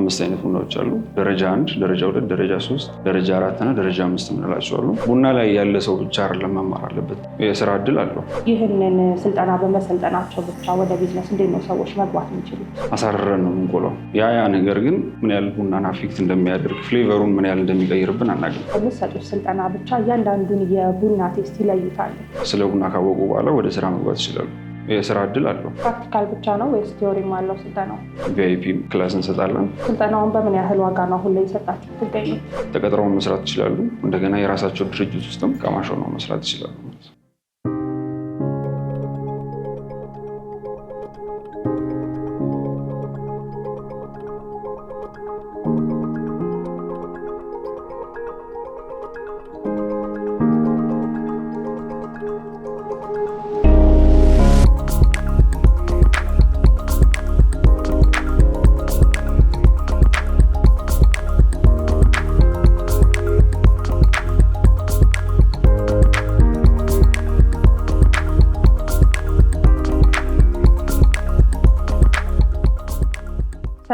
አምስት አይነት ቡናዎች አሉ። ደረጃ አንድ፣ ደረጃ ሁለት፣ ደረጃ ሶስት፣ ደረጃ አራት እና ደረጃ አምስት የምንላቸው አሉ። ቡና ላይ ያለ ሰው ብቻ አይደለም አለበት፣ የስራ እድል አለው። ይህንን ስልጠና በመሰልጠናቸው ብቻ ወደ ቢዝነስ እንዴት ነው ሰዎች መግባት የሚችሉት? አሳርረን ነው የምንቆላው። ያ ያ ነገር ግን ምን ያህል ቡናን አፌክት እንደሚያደርግ ፍሌቨሩን ምን ያህል እንደሚቀይርብን አናውቅም። በምትሰጡት ስልጠና ብቻ እያንዳንዱን የቡና ቴስት ይለዩታል። ስለ ቡና ካወቁ በኋላ ወደ ስራ መግባት ይችላሉ። የስራ እድል አለው። ፕራክቲካል ብቻ ነው ወይስ ቲዮሪም አለው ስልጠናው? ቪአይፒ ክላስ እንሰጣለን። ስልጠናውን በምን ያህል ዋጋ ነው አሁን ላይ የሰጣችሁ ትገኙ? ተቀጥረውን መስራት ይችላሉ። እንደገና የራሳቸው ድርጅት ውስጥም ቀማሽ ሆነው መስራት ይችላሉ።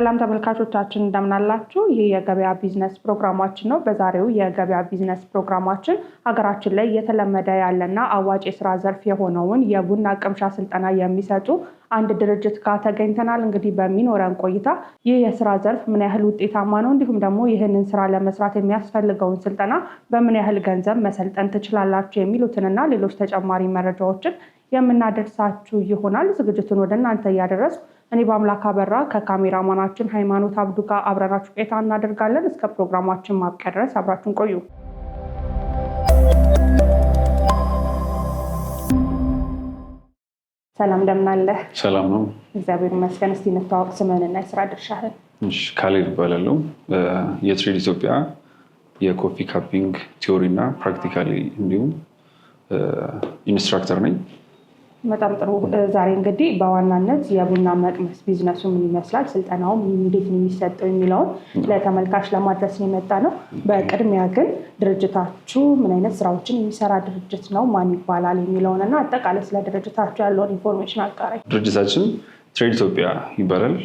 ሰላም ተመልካቾቻችን እንደምናላችሁ። ይህ የገበያ ቢዝነስ ፕሮግራማችን ነው። በዛሬው የገበያ ቢዝነስ ፕሮግራማችን ሀገራችን ላይ እየተለመደ ያለና አዋጭ የስራ ዘርፍ የሆነውን የቡና ቅምሻ ስልጠና የሚሰጡ አንድ ድርጅት ጋር ተገኝተናል። እንግዲህ በሚኖረን ቆይታ ይህ የስራ ዘርፍ ምን ያህል ውጤታማ ነው፣ እንዲሁም ደግሞ ይህንን ስራ ለመስራት የሚያስፈልገውን ስልጠና በምን ያህል ገንዘብ መሰልጠን ትችላላችሁ የሚሉትንና ሌሎች ተጨማሪ መረጃዎችን የምናደርሳችሁ ይሆናል። ዝግጅቱን ወደ እናንተ እያደረስኩ እኔ በአምላክ አበራ ከካሜራማናችን ሃይማኖት አብዱ ጋር አብረናችሁ ቆይታ እናደርጋለን። እስከ ፕሮግራማችን ማብቂያ ድረስ አብራችሁን ቆዩ። ሰላም እንደምን አለህ? ሰላም ነው፣ እግዚአብሔር ይመስገን። እስቲ እንተዋወቅ፣ እና የስራ ድርሻህን። ካሌብ እባላለሁ። የትሬድ ኢትዮጵያ የኮፊ ካፒንግ ቲዎሪ እና ፕራክቲካሊ እንዲሁም ኢንስትራክተር ነኝ። በጣም ጥሩ። ዛሬ እንግዲህ በዋናነት የቡና መቅመስ ቢዝነሱ ምን ይመስላል፣ ስልጠናው እንዴት ነው የሚሰጠው የሚለውን ለተመልካች ለማድረስ የመጣ ነው። በቅድሚያ ግን ድርጅታችሁ ምን አይነት ስራዎችን የሚሰራ ድርጅት ነው፣ ማን ይባላል የሚለውን እና አጠቃላይ ስለ ድርጅታችሁ ያለውን ኢንፎርሜሽን አጋራኝ። ድርጅታችን ትሬድ ኢትዮጵያ ይባላል።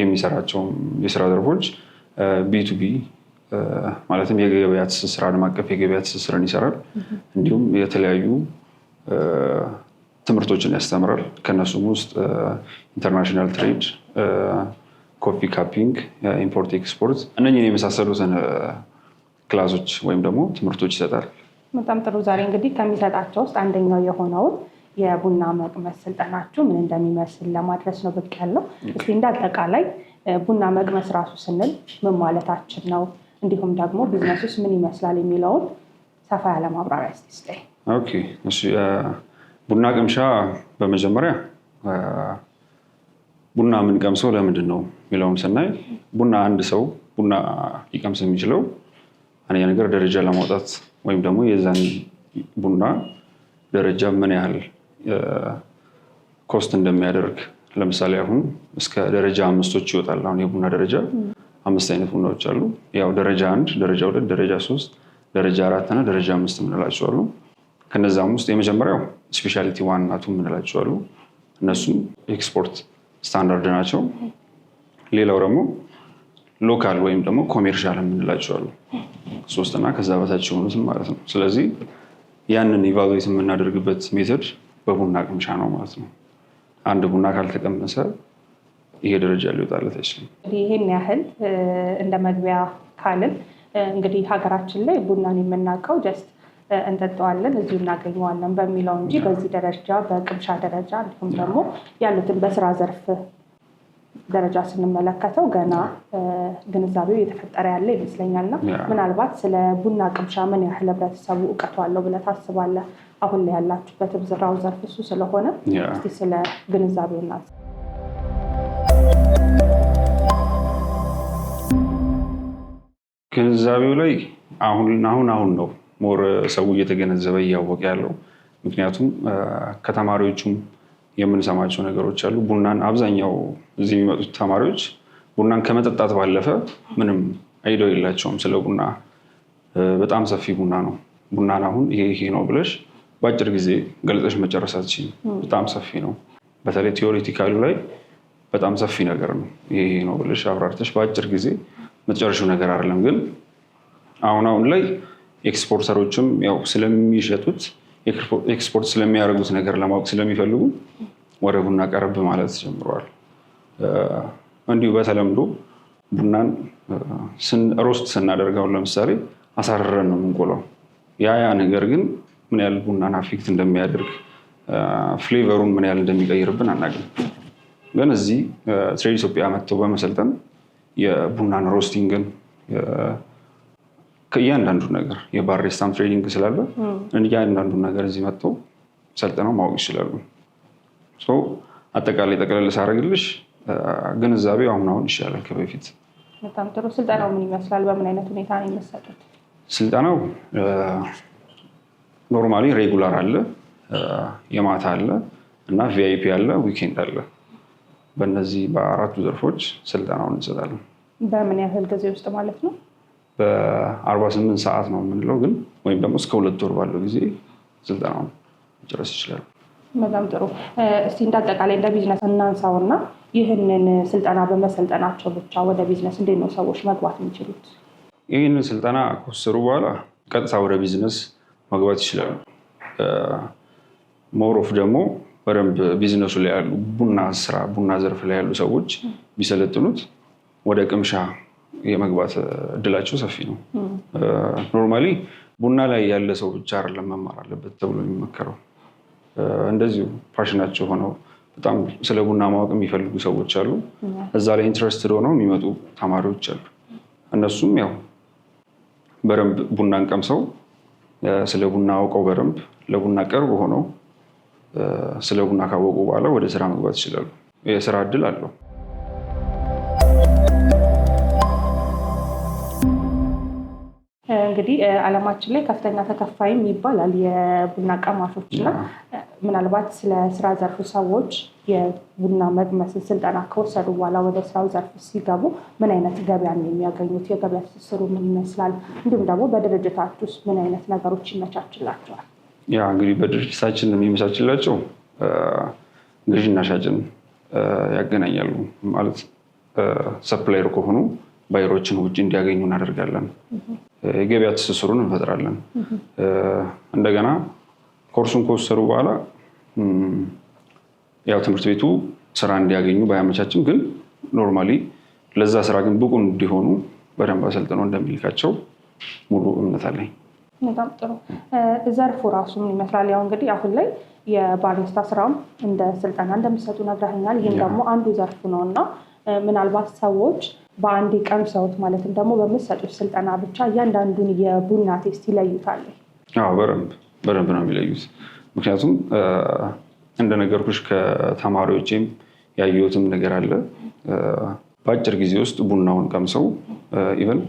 የሚሰራቸው የስራ ዘርፎች ቢቱቢ ማለትም የገበያ ትስስር፣ ዓለም አቀፍ የገበያ ትስስርን ይሰራል። እንዲሁም የተለያዩ ትምህርቶችን ያስተምራል። ከእነሱም ውስጥ ኢንተርናሽናል ትሬድ፣ ኮፒ ካፒንግ፣ ኢምፖርት ኤክስፖርት፣ እነኝን የመሳሰሉትን ክላሶች ወይም ደግሞ ትምህርቶች ይሰጣል። በጣም ጥሩ። ዛሬ እንግዲህ ከሚሰጣቸው ውስጥ አንደኛው የሆነውን የቡና መቅመስ ስልጠናችሁ ምን እንደሚመስል ለማድረስ ነው ብቅ ያለው። እስኪ እንደ አጠቃላይ ቡና መቅመስ ራሱ ስንል ምን ማለታችን ነው፣ እንዲሁም ደግሞ ቢዝነሱስ ምን ይመስላል የሚለውን ሰፋ ያለ ማብራሪያ ስ ቡና ቅምሻ በመጀመሪያ ቡና የምንቀምሰው ለምንድን ነው የሚለውን ስናይ ቡና አንድ ሰው ቡና ሊቀምስ የሚችለው አንደኛ ነገር ደረጃ ለማውጣት ወይም ደግሞ የዛን ቡና ደረጃ ምን ያህል ኮስት እንደሚያደርግ ለምሳሌ አሁን እስከ ደረጃ አምስቶች ይወጣል። አሁን የቡና ደረጃ አምስት አይነት ቡናዎች አሉ። ያው ደረጃ አንድ፣ ደረጃ ሁለት፣ ደረጃ ሶስት፣ ደረጃ አራት እና ደረጃ አምስት የምንላቸው አሉ። ከነዛም ውስጥ የመጀመሪያው ስፔሻሊቲ ዋናቱ የምንላቸው አሉ። እነሱም ኤክስፖርት ስታንዳርድ ናቸው። ሌላው ደግሞ ሎካል ወይም ደግሞ ኮሜርሻል የምንላቸው አሉ። ሶስትና ከዛ በታች የሆኑትም ማለት ነው። ስለዚህ ያንን ኢቫሉዌት የምናደርግበት ሜተድ በቡና ቅምሻ ነው ማለት ነው። አንድ ቡና ካልተቀመሰ ይሄ ደረጃ ሊወጣለት አይችልም። ይህን ያህል እንደ መግቢያ ካልን እንግዲህ ሀገራችን ላይ ቡናን የምናውቀው ጀስት እንጠጠዋለን እዚሁ እናገኘዋለን በሚለው እንጂ በዚህ ደረጃ በቅምሻ ደረጃ እንዲሁም ደግሞ ያሉትን በስራ ዘርፍ ደረጃ ስንመለከተው ገና ግንዛቤው እየተፈጠረ ያለ ይመስለኛል። እና ምናልባት ስለ ቡና ቅምሻ ምን ያህል ህብረተሰቡ እውቀቱ አለው ብለ ታስባለህ? አሁን ላይ ያላችሁበትም ስራው ዘርፍ እሱ ስለሆነ እስኪ ስለ ግንዛቤው እና ግንዛቤው ላይ አሁን አሁን ነው ሞር ሰው እየተገነዘበ እያወቀ ያለው ምክንያቱም ከተማሪዎቹም የምንሰማቸው ነገሮች አሉ። ቡናን አብዛኛው እዚህ የሚመጡት ተማሪዎች ቡናን ከመጠጣት ባለፈ ምንም አይዶ የላቸውም። ስለ ቡና በጣም ሰፊ ቡና ነው። ቡናን አሁን ይሄ ይሄ ነው ብለሽ በአጭር ጊዜ ገልጸሽ መጨረሳችን በጣም ሰፊ ነው። በተለይ ቲዮሬቲካሉ ላይ በጣም ሰፊ ነገር ነው። ይሄ ይሄ ነው ብለሽ አብራርተሽ በአጭር ጊዜ መጨረሹ ነገር አይደለም። ግን አሁን አሁን ላይ ኤክስፖርተሮችም ያው ስለሚሸጡት ኤክስፖርት ስለሚያደርጉት ነገር ለማወቅ ስለሚፈልጉ ወደ ቡና ቀረብ ማለት ጀምረዋል። እንዲሁ በተለምዶ ቡናን ሮስት ስናደርገውን ለምሳሌ አሳረረን ነው የምንቆላው። ያ ያ ነገር ግን ምን ያህል ቡናን አፌክት እንደሚያደርግ ፍሌቨሩን ምን ያህል እንደሚቀይርብን አናውቅም። ግን እዚህ ትሬድ ኢትዮጵያ መጥተው በመሰልጠን የቡናን ሮስቲንግን ከእያንዳንዱ ነገር የባሬስታም ትሬኒንግ ስላለ እያንዳንዱ ነገር እዚህ መጥተው ሰልጥነው ማወቅ ይችላሉ። አጠቃላይ ጠቅለል ሳደርግልሽ ግንዛቤው አሁን አሁን ይሻላል ከበፊት። በጣም ጥሩ። ስልጠናው ምን ይመስላል? በምን አይነት ሁኔታ ነው የሚሰጡት? ስልጠናው ኖርማሊ ሬጉላር አለ፣ የማታ አለ እና ቪአይፒ አለ፣ ዊኬንድ አለ። በእነዚህ በአራቱ ዘርፎች ስልጠናውን እንሰጣለን። በምን ያህል ጊዜ ውስጥ ማለት ነው? በ48 ሰዓት ነው የምንለው ግን ወይም ደግሞ እስከ ሁለት ወር ባለው ጊዜ ስልጠናውን መጨረስ ይችላሉ። በጣም ጥሩ። እስቲ እንደ አጠቃላይ እንደ ቢዝነስ እናንሳው እና ይህንን ስልጠና በመሰልጠናቸው ብቻ ወደ ቢዝነስ እንዴት ነው ሰዎች መግባት የሚችሉት? ይህንን ስልጠና ከወሰሩ በኋላ ቀጥታ ወደ ቢዝነስ መግባት ይችላሉ። ሞሮፍ ደግሞ በደንብ ቢዝነሱ ላይ ያሉ ቡና ስራ ቡና ዘርፍ ላይ ያሉ ሰዎች ቢሰለጥኑት ወደ ቅምሻ የመግባት እድላቸው ሰፊ ነው። ኖርማሊ ቡና ላይ ያለ ሰው ብቻ አይደለም መማር አለበት ተብሎ የሚመከረው። እንደዚሁ ፓሽናቸው ሆነው በጣም ስለ ቡና ማወቅ የሚፈልጉ ሰዎች አሉ። እዛ ላይ ኢንትረስትድ ሆነው የሚመጡ ተማሪዎች አሉ። እነሱም ያው በደንብ ቡናን ቀምሰው ስለ ቡና አውቀው በደንብ ለቡና ቅርብ ሆነው ስለ ቡና ካወቁ በኋላ ወደ ስራ መግባት ይችላሉ። የስራ እድል አለው። እንግዲህ አለማችን ላይ ከፍተኛ ተከፋይም ይባላል የቡና ቀማሾች እና ምናልባት ስለ ስራ ዘርፉ ሰዎች የቡና መቅመስን ስልጠና ከወሰዱ በኋላ ወደ ስራው ዘርፍ ሲገቡ ምን አይነት ገበያ ነው የሚያገኙት? የገበያ ትስስሩ ምን ይመስላል? እንዲሁም ደግሞ በድርጅታችሁ ውስጥ ምን አይነት ነገሮች ይመቻችላቸዋል? ያ እንግዲህ በድርጅታችን የሚመቻችላቸው ግዥና ሻጭን ያገናኛሉ ማለት ሰፕላየር ከሆኑ ባይሮችን ውጭ እንዲያገኙ እናደርጋለን። የገበያ ትስስሩን እንፈጥራለን። እንደገና ኮርሱን ከወሰዱ በኋላ ያው ትምህርት ቤቱ ስራ እንዲያገኙ ባያመቻችም ግን ኖርማሊ ለዛ ስራ ግን ብቁ እንዲሆኑ በደንብ አሰልጥኖ እንደሚልካቸው ሙሉ እምነት አለኝ። በጣም ጥሩ። ዘርፉ ራሱ ምን ይመስላል? ያው እንግዲህ አሁን ላይ የባሪስታ ስራም እንደ ስልጠና እንደሚሰጡ ነግረህኛል ይህም ደግሞ አንዱ ዘርፉ ነው እና ምናልባት ሰዎች በአንድ ቀምሰውት ማለትም ደግሞ በምትሰጡት ስልጠና ብቻ እያንዳንዱን የቡና ቴስት ይለዩታል? በደንብ በደንብ ነው የሚለዩት። ምክንያቱም እንደነገርኩሽ ከተማሪዎቼም ያየሁትም ነገር አለ። በአጭር ጊዜ ውስጥ ቡናውን ቀምሰው ኢቨን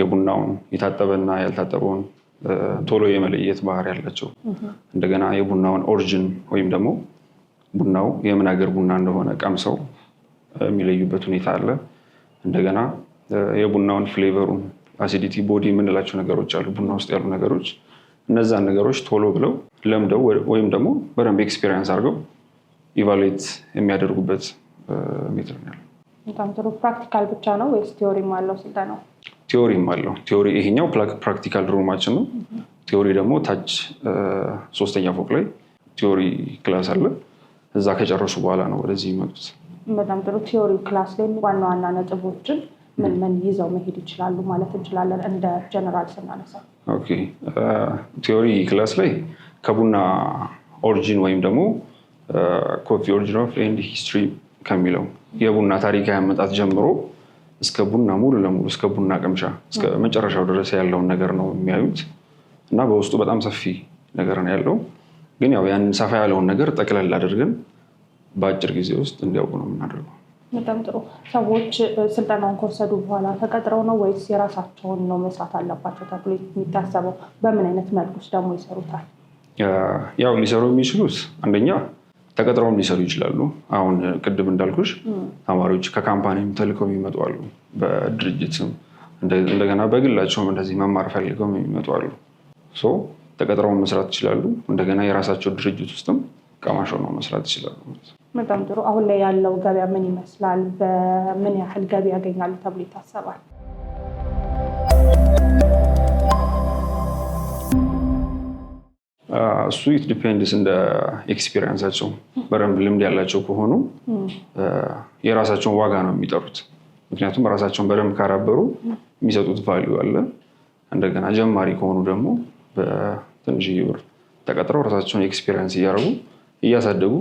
የቡናውን የታጠበና ያልታጠበውን ቶሎ የመለየት ባህሪ ያላቸው እንደገና የቡናውን ኦሪጅን ወይም ደግሞ ቡናው የምን ሀገር ቡና እንደሆነ ቀምሰው የሚለዩበት ሁኔታ አለ። እንደገና የቡናውን ፍሌቨሩን አሲዲቲ ቦዲ የምንላቸው ነገሮች አሉ፣ ቡና ውስጥ ያሉ ነገሮች። እነዛን ነገሮች ቶሎ ብለው ለምደው ወይም ደግሞ በደንብ ኤክስፔሪንስ አድርገው ኢቫሉዌት የሚያደርጉበት ሜትር ነው በጣም ጥሩ። ፕራክቲካል ብቻ ነው ወይስ ቲዮሪም አለው ነው ቲዮሪም አለው። ቲዎሪ ይሄኛው ፕራክቲካል ሩማችን ነው። ቲዎሪ ደግሞ ታች ሶስተኛ ፎቅ ላይ ቲዎሪ ክላስ አለ። እዛ ከጨረሱ በኋላ ነው ወደዚህ የሚመጡት። በጣም ጥሩ ቲዮሪ ክላስ ላይ ዋና ዋና ነጥቦችን ምን ምን ይዘው መሄድ ይችላሉ ማለት እንችላለን? እንደ ጀነራል ስናነሳ ቲዮሪ ክላስ ላይ ከቡና ኦሪጂን ወይም ደግሞ ኮፊ ኦሪጂን ኦፍ ኤንድ ሂስትሪ ከሚለው የቡና ታሪካዊ አመጣት ጀምሮ እስከ ቡና ሙሉ ለሙሉ እስከ ቡና ቅምሻ እስከ መጨረሻው ድረስ ያለውን ነገር ነው የሚያዩት እና በውስጡ በጣም ሰፊ ነገር ነው ያለው። ግን ያው ያንን ሰፋ ያለውን ነገር ጠቅለል አድርገን በአጭር ጊዜ ውስጥ እንዲያውቁ ነው የምናደርገው። በጣም ጥሩ። ሰዎች ስልጠናውን ከወሰዱ በኋላ ተቀጥረው ነው ወይስ የራሳቸውን ነው መስራት አለባቸው ተብሎ የሚታሰበው? በምን አይነት መልኩስ ደግሞ ይሰሩታል? ያው ሊሰሩ የሚችሉት አንደኛ ተቀጥረውም ሊሰሩ ይችላሉ። አሁን ቅድም እንዳልኩሽ ተማሪዎች ከካምፓኒም ተልከው የሚመጡ አሉ፣ በድርጅትም እንደገና በግላቸውም እንደዚህ መማር ፈልገው የሚመጡ አሉ። ተቀጥረውን መስራት ይችላሉ። እንደገና የራሳቸው ድርጅት ውስጥም ቀማሽ ሆኖ መስራት ይችላሉ። በጣም ጥሩ። አሁን ላይ ያለው ገበያ ምን ይመስላል? በምን ያህል ገቢ ያገኛሉ ተብሎ ይታሰባል? Uh, እሱ ኢት ዲፔንድስ እንደ ኤክስፒሪየንሳቸው በደንብ ልምድ ያላቸው ከሆኑ uh, የራሳቸውን ዋጋ ነው የሚጠሩት። ምክንያቱም ራሳቸውን በደንብ ካዳበሩ የሚሰጡት ቫሊዩ አለ። እንደገና ጀማሪ ከሆኑ ደግሞ በትንሽዬ ብር ተቀጥረው ራሳቸውን ኤክስፒሪየንስ እያደረጉ እያሳደጉ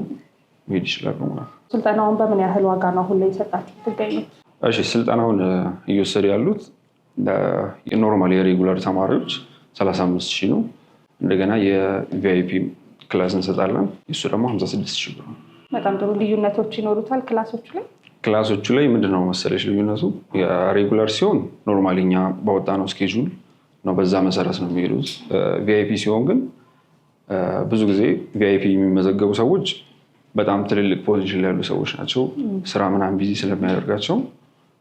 መሄድ ይችላሉ ነው። ስልጠናውን በምን ያህል ዋጋ ነው አሁን ላይ እየሰጣችሁ ትገኙት? እሺ ስልጠናውን እየወሰዱ ያሉት ኖርማል የሬጉላር ተማሪዎች ሰላሳ አምስት ሺህ ነው። እንደገና የቪአይፒ ክላስ እንሰጣለን። እሱ ደግሞ ሀምሳ ስድስት ሺህ ብር በጣም ጥሩ ልዩነቶች ይኖሩታል ክላሶቹ ላይ ክላሶቹ ላይ ምንድን ነው መሰለሽ ልዩነቱ ሬጉላር ሲሆን ኖርማል እኛ በወጣ ነው ስኬጁል ነው፣ በዛ መሰረት ነው የሚሄዱት። ቪአይፒ ሲሆን ግን ብዙ ጊዜ ቪአይፒ የሚመዘገቡ ሰዎች በጣም ትልልቅ ፖዚሽን ላይ ያሉ ሰዎች ናቸው። ስራ ምናምን ቢዚ ስለሚያደርጋቸው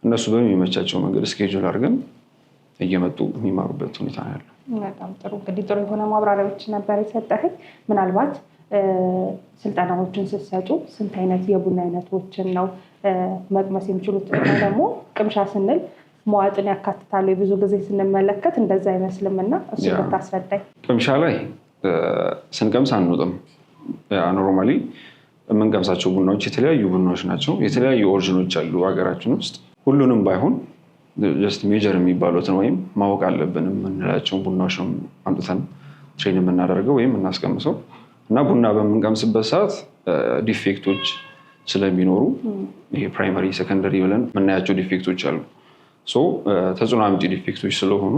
እነሱ በሚመቻቸው መንገድ እስኬጁል አድርገን እየመጡ የሚማሩበት ሁኔታ ነው በጣም ጥሩ እንግዲህ ጥሩ የሆነ ማብራሪያዎች ነበር የሰጠህኝ። ምናልባት ስልጠናዎችን ስትሰጡ ስንት አይነት የቡና አይነቶችን ነው መቅመስ የሚችሉት? እና ደግሞ ቅምሻ ስንል መዋጥን ያካትታሉ። ብዙ ጊዜ ስንመለከት እንደዛ አይመስልም እና እሱ ብታስረዳኝ። ቅምሻ ላይ ስንቀምስ አንውጥም። ኖርማሊ የምንቀምሳቸው ቡናዎች የተለያዩ ቡናዎች ናቸው። የተለያዩ ኦሪጅኖች አሉ ሀገራችን ውስጥ። ሁሉንም ባይሆን ጀስት ሜጀር የሚባሉትን ወይም ማወቅ አለብን የምንላቸው ቡናዎች ነው አምጥተን ትሬን የምናደርገው ወይም እናስቀምሰው እና ቡና በምንቀምስበት ሰዓት ዲፌክቶች ስለሚኖሩ ይሄ ፕራይመሪ ሰከንደሪ ብለን የምናያቸው ዲፌክቶች አሉ። ተጽዕኖ አምጪ ዲፌክቶች ስለሆኑ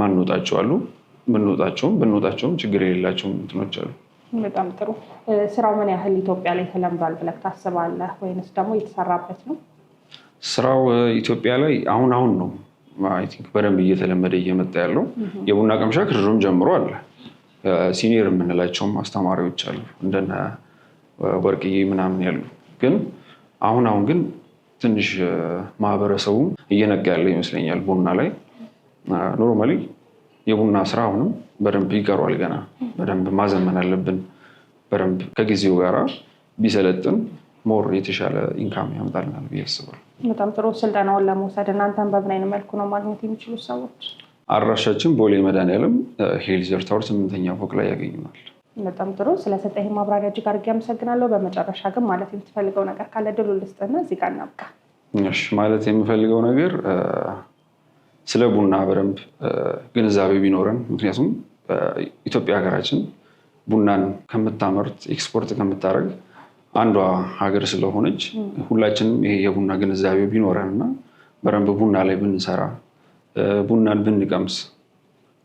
ማንወጣቸው አሉ። ብንወጣቸውም ብንወጣቸውም ችግር የሌላቸው እንትኖች አሉ። በጣም ጥሩ። ስራው ምን ያህል ኢትዮጵያ ላይ ተለምዷል ብለህ ታስባለህ? ወይንስ ደግሞ የተሰራበት ነው? ስራው ኢትዮጵያ ላይ አሁን አሁን ነው አይ ቲንክ በደንብ እየተለመደ እየመጣ ያለው። የቡና ቀምሻ ከድሮም ጀምሮ አለ። ሲኒየር የምንላቸውም አስተማሪዎች አሉ እንደነ ወርቅዬ ምናምን ያሉ ግን አሁን አሁን ግን ትንሽ ማህበረሰቡ እየነቃ ያለ ይመስለኛል ቡና ላይ ኖርማሊ የቡና ስራ አሁንም በደንብ ይቀሯል። ገና በደንብ ማዘመን አለብን። በደንብ ከጊዜው ጋራ ቢሰለጥን ሞር የተሻለ ኢንካም ያመጣልናል ብዬ አስባለሁ። በጣም ጥሩ። ስልጠናውን ለመውሰድ እናንተን በምን አይነት መልኩ ነው ማግኘት የሚችሉ ሰዎች? አድራሻችን ቦሌ መድኃኒዓለም ሄሊዘር ታወር ስምንተኛ ፎቅ ላይ ያገኙናል። በጣም ጥሩ። ስለሰጠህ ማብራሪያ እጅግ አድርጌ አመሰግናለሁ። በመጨረሻ ግን ማለት የምትፈልገው ነገር ካለ ድሉ ልስጥና እዚህ ጋር እናብቃ። ማለት የምፈልገው ነገር ስለ ቡና በደንብ ግንዛቤ ቢኖረን ምክንያቱም ኢትዮጵያ ሀገራችን ቡናን ከምታመርት ኤክስፖርት ከምታደርግ አንዷ ሀገር ስለሆነች ሁላችንም ይሄ የቡና ግንዛቤ ቢኖረን እና በደንብ ቡና ላይ ብንሰራ ቡናን ብንቀምስ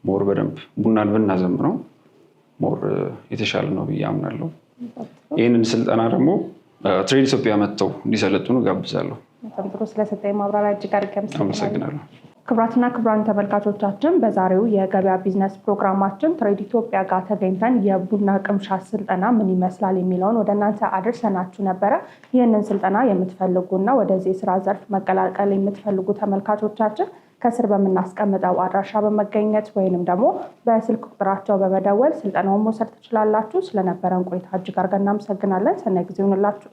ሞር በደንብ ቡናን ብናዘምነው ሞር የተሻለ ነው ብዬ አምናለሁ። ይህንን ስልጠና ደግሞ ትሬድ ኢትዮጵያ መጥተው እንዲሰለጥኑ ጋብዛለሁ። ጥሩ ስለሰጠኝ ማብራሪያ እጅግ አድርጌ አመሰግናለሁ። ክብራትና ክብራን ተመልካቾቻችን በዛሬው የገበያ ቢዝነስ ፕሮግራማችን ትሬድ ኢትዮጵያ ጋር ተገኝተን የቡና ቅምሻ ስልጠና ምን ይመስላል የሚለውን ወደ እናንተ አድርሰናችሁ ነበረ። ይህንን ስልጠና የምትፈልጉና ወደዚህ የስራ ዘርፍ መቀላቀል የምትፈልጉ ተመልካቾቻችን ከስር በምናስቀምጠው አድራሻ በመገኘት ወይንም ደግሞ በስልክ ቁጥራቸው በመደወል ስልጠናውን መውሰድ ትችላላችሁ። ስለነበረን ቆይታ እጅግ አድርገን እናመሰግናለን። ሰናይ ጊዜ ይሁንላችሁ።